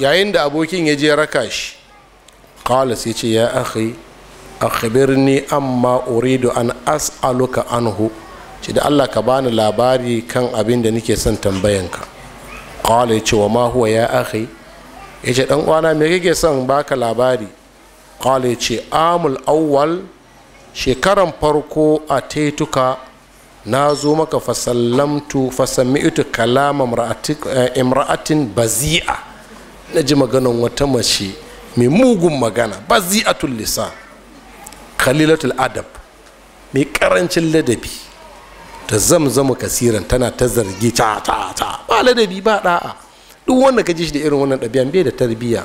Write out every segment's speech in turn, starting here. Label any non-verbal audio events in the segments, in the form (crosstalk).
yayin da abokin ya je raka shi qala sai ce ya akhi akhbirni amma uridu an as'aluka anhu ce da Allah ka bani labari kan abin da nake son tambayanka qala ya ce wa ma huwa ya akhi ya ce dan uwana me kake son baka labari qala ya ce amul auwal shekaran farko a taituka na zo maka fasallamtu fasami'tu kalama eh, imra'atin bazi'a na ji maganan wata mace mai mugun magana ba a lisan khalilatul adab mai karancin ladabi ta zamzama kasiran tana ta zargi ta ta ta ba ladabi ba da'a duk wanda ka ji shi da irin wannan ɗabi'an bai da tarbiyya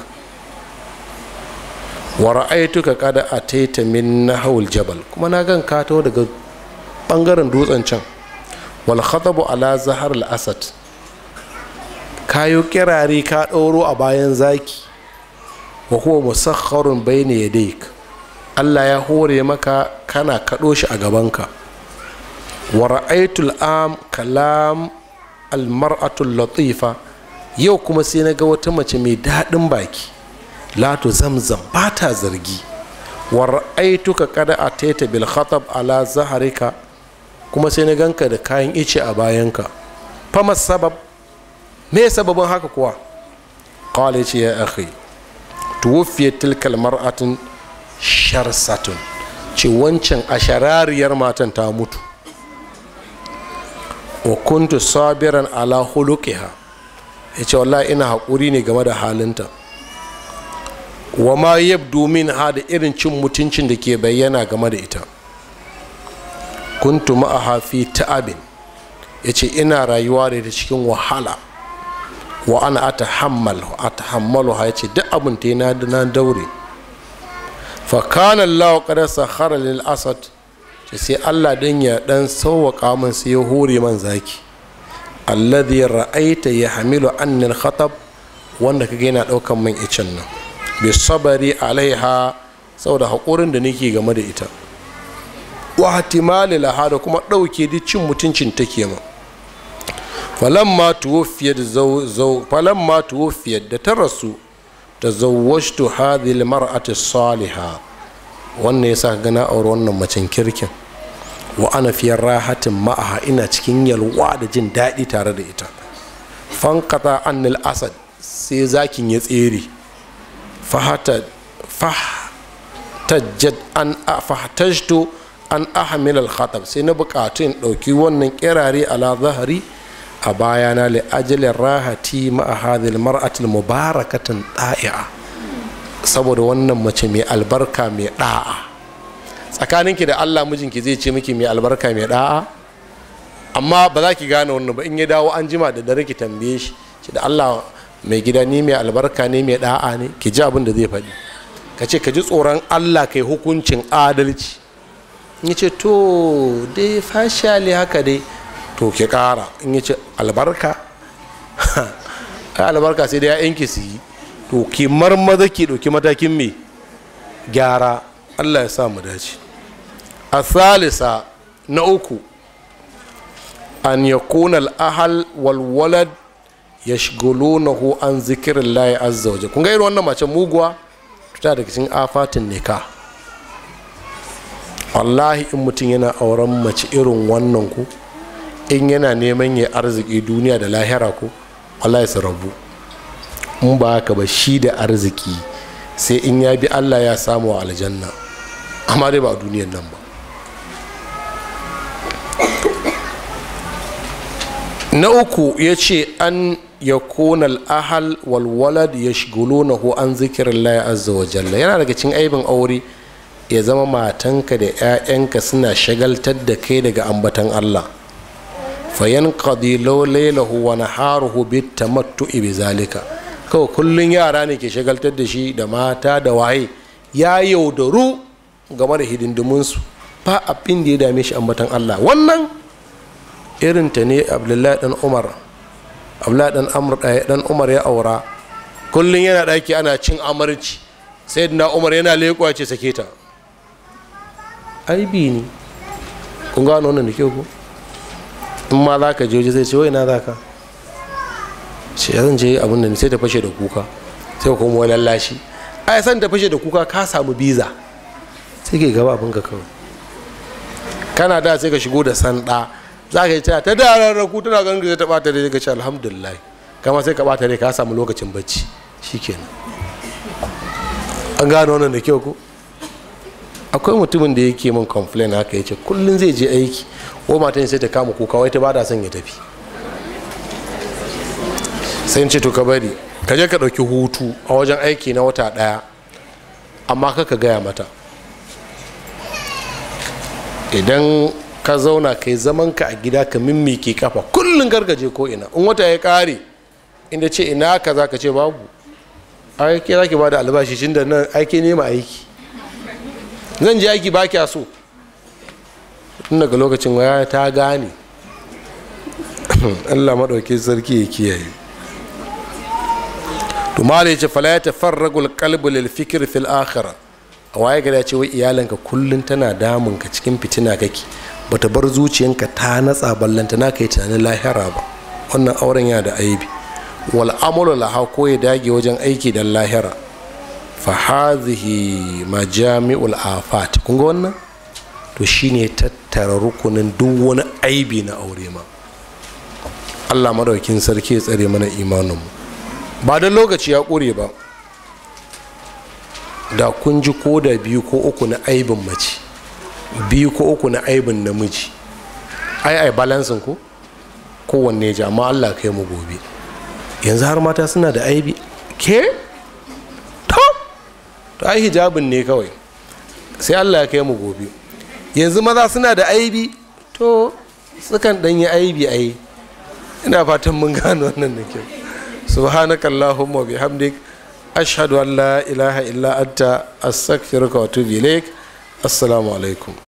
wa ra'aytuka qad ataita min nahawil jabal kuma na gan ka daga bangaren dutsen can wal khatabu ala zahar al asad kayo kirare ka ɗauro a bayan zaki wa kuma musakharun bayna yadayk Allah ya hore maka kana kaɗo shi a gabanka wa ra'aytul am kalam al almar'atul latifa yau kuma sai na ga wata mace mai daɗin baki lato zamzam ba ta zargi war'aituka kada a taita bil khatab ala zaharika kuma sai na ganka da kayan ice a bayanka fama sabab me sababin haka kuwa qala ce ya akhi tuwfiyat tilka mar'atun sharsatun ce wancan asharariyar matan ta mutu wa kuntu sabiran ala hulukiha ya ce wallahi ina haƙuri ne game da halinta wa ma yabdu min ha irin cin mutuncin da ke bayyana game da ita kuntu ma'aha fi ta'abin ya ce ina rayuwa da cikin wahala wa ana ata atahammalu ha yace duk abin ta na nan daure fa kana Allah qad sahara lil asad ce sai Allah dan ya dan sauwaka min sai ya hore man zaki alladhi ra'aita yahmilu an al-khatab wanda kage yana daukan min icen nan bi sabari alaiha saboda hakurin da nake game da ita wa hatimali laha da kuma dauke duk cin mutuncin take ma falamma tuwafiyat zaw falamma da ta rasu tazawwajtu hadhihi almar'ati salihah wannan yasa gana na aure wannan macen kirkin wa ana fi rahatin ma'aha ina cikin yalwa da jin daɗi tare da ita fankata annil asad sai zakin ya tsere fahatajjad an fahatajto an sai na bukatu in ɗauki wannan kirare ala zahari a bayana li ajalin rahati ma'a hadhil mar'atil mubarakatin da'i'a saboda wannan mace mai albarka mai da'a tsakaninki da Allah mijinki zai ce miki mai albarka mai da'a amma ba za ki gane wannan ba in ya dawo an jima da dare ki tambaye shi ce da Allah mai gida ni mai albarka ne mai ɗa'a ne ki ji abin da zai faɗi ka ce ka ji tsoron Allah kai hukuncin adalci in ce to dai fashali haka dai to ki kara in ya ce albarka (laughs) albarka sai da ya yanke su yi to ki marmaza ki ɗauki matakin me gyara allah ya sa mu dace a salisa na uku an ya kuna al'ahal walwalad ya shigolo na ho an zikirin layi azza waje kun irin wannan mace muguwa ta daga cikin afatin ka wallahi in mutum yana auren mace irin wannan ku in yana neman ya arziki duniya da lahira ko Allah ya rabu in ba haka ba shi da arziki sai in ya bi Allah ya samu a aljanna amma dai ba a duniyan nan ba na uku ya ce an ya kona al'ahal walwalad ya shigolo na ho an zikirin laya azza wa jalla yana daga cin aibin aure ya zama matanka da 'ya'yanka suna shagaltar da kai daga ambatan Allah fayan qadilo lailahu wa naharuhu bit matu zalika kawai kullum yara ne ke shagaltar da shi da mata da waye ya yaudaru game da hidindiminsu ba abin da ya dame shi ambatan Allah wannan irinta ne Abdullahi dan Umar Abdullahi dan Amr dan Umar ya aura kullum yana daki ana cin amarci sayyidina Umar yana leƙuwa ce sake ta ai bi ne kun gano wannan da kyau ko in ma za ka je waje zai ce wai na za ka ce zan je abin da sai ta fashe da kuka sai ka kuma wani lashi ai san ta fashe da kuka ka samu biza sai ke gaba abin ka kawai kana da sai ka shigo da sanda za ka yi ta ta da ku tana ganin da ta bata da ka ce alhamdulillah kama sai ka bata dai ka samu lokacin bacci shikenan an gano wannan da kyau ko akwai mutumin da yake min complain haka yace kullun zai je aiki ko matan sai ta kama kuka wai ta bada son ya tafi sai in ce to ka bari ka je ka dauki hutu a wajen aiki na wata daya amma ka ka gaya mata idan ka zauna kai zaman ka a gida ka mimmike kafa kullum gargaje ko ina in wata ya kare inda ce ina ka za ka ce babu aiki za ki ba da albashi shi da nan aiki nema aiki zan je aiki ba kya so tun daga lokacin waya ta gane allah maɗauki sarki ya kiyaye to mala ya ce fala ya tafarragul kalbu lil fikir fil akhira a waye gada ce wai iyalanka kullum tana damun ka cikin fitina kake bata bar zuciyanka ta natsa ballanta na kai tunanin lahira ba wannan auren yana da aibi wal amalu ko ya dage wajen aiki dan lahira fahazihi majami'ul afat kun ga wannan to shine tattara rukunin duk wani aibi na aure ma allah madaukin sarki ya tsare mana imaninmu ba da lokaci ya ƙure ba da kun ji ko da biyu ko uku na aibin mace biyu ko uku na aibin namiji ai ai balansin ko kowanne ya allah kai mu gobe yanzu har mata suna da aibi ke to ai hijabin ne kawai sai allah ya kai mu gobe yanzu maza suna da aibi to sukan dan yi aibi a yi ina fatan mun gane wannan da kyau subhanakallahumma bihamdik ashhadu an la ilaha illa anta astaghfiruka wa atubu ilaik assalamu alaikum